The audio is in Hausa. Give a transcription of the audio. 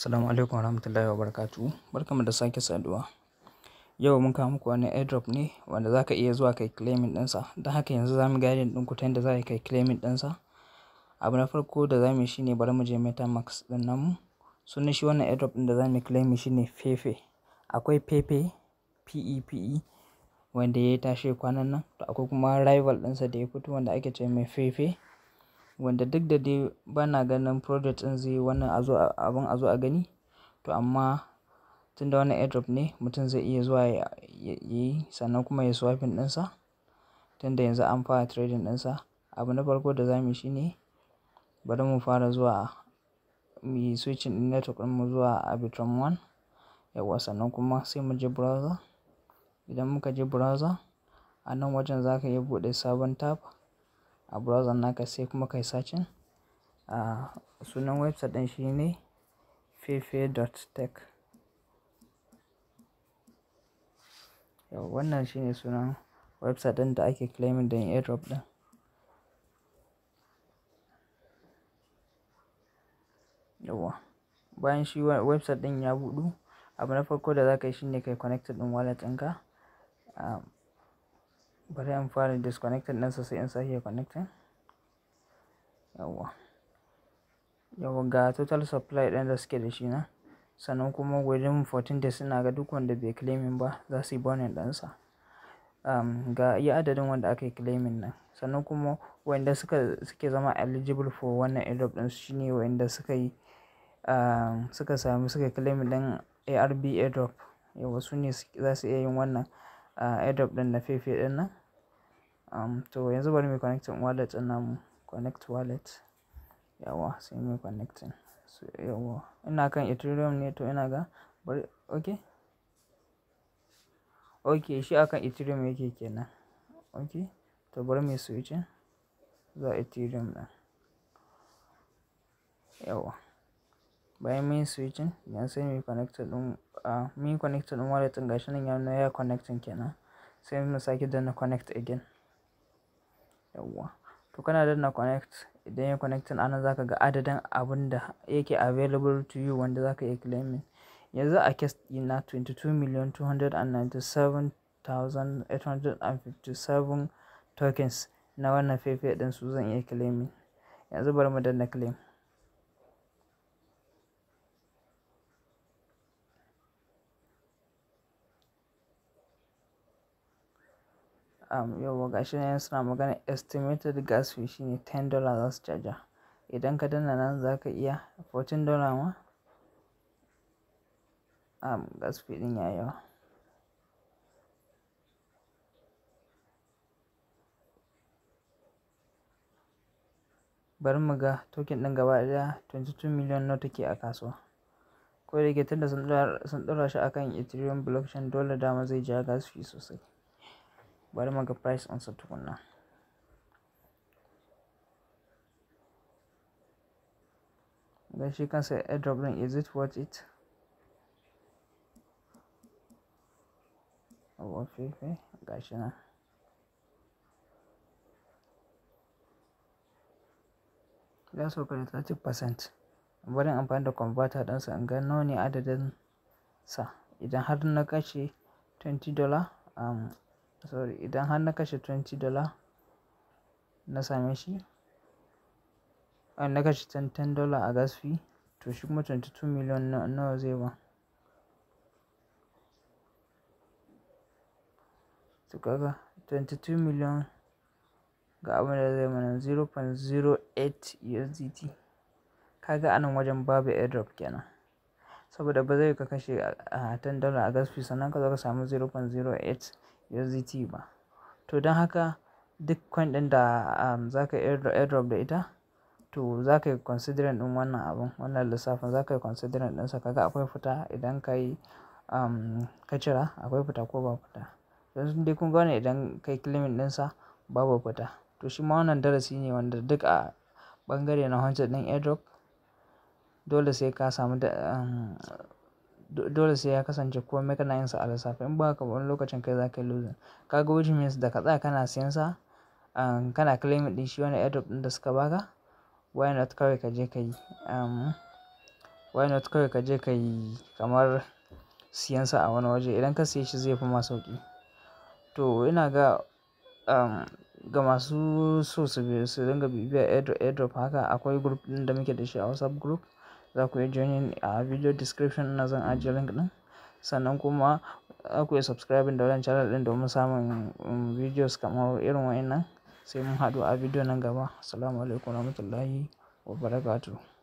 Assalamu alaikum warahmatullahi barka Barkamu da sake saduwa. Yau mun kawo muku wani airdrop ne wanda zaka iya zuwa kai claiming ɗinsa. Don haka yanzu za mu din ku ta yadda za kai claiming ɗinsa. Abu na farko da za mu yi shi ne bari mu je MetaMask ɗin namu. Sunan shi wannan airdrop ɗin da za mu claiming shi ne Fefe. Akwai Pepe, e, e wanda ya tashi kwanan nan. To akwai kuma rival ɗinsa da ya fito wanda ake ce mai Fefe. wanda duk da dai bana ganin project ɗin zai yi wani abun a a gani to amma tunda wannan airdrop ne mutum zai iya zuwa ya yi sannan kuma ya swapping ɗinsa tunda yanzu an fara trading ɗinsa abu na farko da za mu yi shine bari mu fara zuwa mu yi switching ɗin network mu zuwa arbitrum 1 yawa sannan kuma sai mu je browser idan muka je browser a nan wajen za ka iya buɗe sabon tab a browser naka sai kuma kai sacin a sunan website din shi ne fefe.tech yau wannan shi ne sunan website din da ake claiming din airdrop din yawa bayan shi website din ya budu abu na farko da zaka yi shi ne kai connected ɗin wallet ɗinka bari in fara disconnecting ɗinsa sai in sake connecting yawwa yawwa ga total supply ɗin da suke da shi na sannan kuma wajen 14 days ina ga duk wanda bai claiming ba za su yi burning sa um, ga iya adadin wanda aka yi claiming nan sannan kuma wanda suka suke zama eligible for wannan airdrop ɗin shine wanda suka yi um, suka sami suka claiming ɗin ARB airdrop yawa su ne za su iya yin wannan uh, airdrop ɗin na fefe ɗin nan um, to yanzu bari mu connecting wallet din namu connect wallet yawa sai mu connecting so yawa ina kan ethereum ne to ina ga bari okay okay shi akan ethereum yake kenan okay to bari mu switch zuwa ethereum na yawa bayan mun switching yan sai mu connected din a mun connected din wallet din gashi nan ya ya connecting kenan sai mu sake danna connect again yawwa to kana danna connect idan ya connecting anan zaka ga adadin abun da yake available to you wanda zaka iya claiming yanzu a case million 22,297,857 tokens na wannan fefe ɗin su zan iya claiming yanzu bari mu danna claim um, ga shi nan suna magana estimated gas fee shine ten dollar za su caja idan ka danna nan za ka iya fourteen ma um, gas fee din ya yawa bari mu ga token ɗin gaba daya 22 million na take a kasuwa ko da ke tunda sun ɗora shi akan ethereum blockchain dole dama zai ja gas fee sosai bari mu ga price ɗinsa tukunna don shi kansa airdrop ɗin is it worth it oh, abuwa fefe gashi nan ya sauka da 30% barin amfani da converter ɗinsa in ga nawa ne adadin sa idan har na kashe 20 dollar um, sorry idan har na kashe 20 dollar na same shi eh, na kashe 10 dollar a gas fee to shi kuma 22 million nawa zai ba to kaga 22 million ga abin da zai mana 0.08 USDT kaga anan wajen babu airdrop kenan saboda ba zai ka kashe a ah, 10 dollar a gas fee sannan ka zo ka samu 0.08 u.z.t ba to don haka duk coin ɗin da um, za ka airdrop da ita to za ka yi considering ɗin wannan abun wannan lissafin za ka yi considering ɗinsa kaga akwai fita idan ka yi um, ka cira akwai fita ko ba fita yanzu dai kun gane idan ka yi din ɗinsa babu fita to shi ma wannan darasi ne wanda duk a ɓangare na hundred ɗin airdrop dole sai ka samu da um, dole sai ya kasance komai kana yin sa a lissafi in ba haka ba wani lokacin kai zaka yi losing ka ga which means da ka tsaya kana siyan sa um, kana claiming din shi wani airdrop ɗin da suka baka why not kawai ka je ka yi um, why not kawai ka je ka yi kamar siyan sa a wani waje idan ka siye shi zai fi masu sauki to ina ga um, ga masu so su dinga bibiyar airdrop haka akwai group ɗin da muke da shi a whatsapp group za ku yi joining a video description na zan ajiye link ɗin sannan kuma za ku iya subscribing da wannan channel ɗin domin samun um, videos kamar irin wa'innan sai mun haɗu a video nan gaba assalamu alaikum warahmatullahi wabarakatuh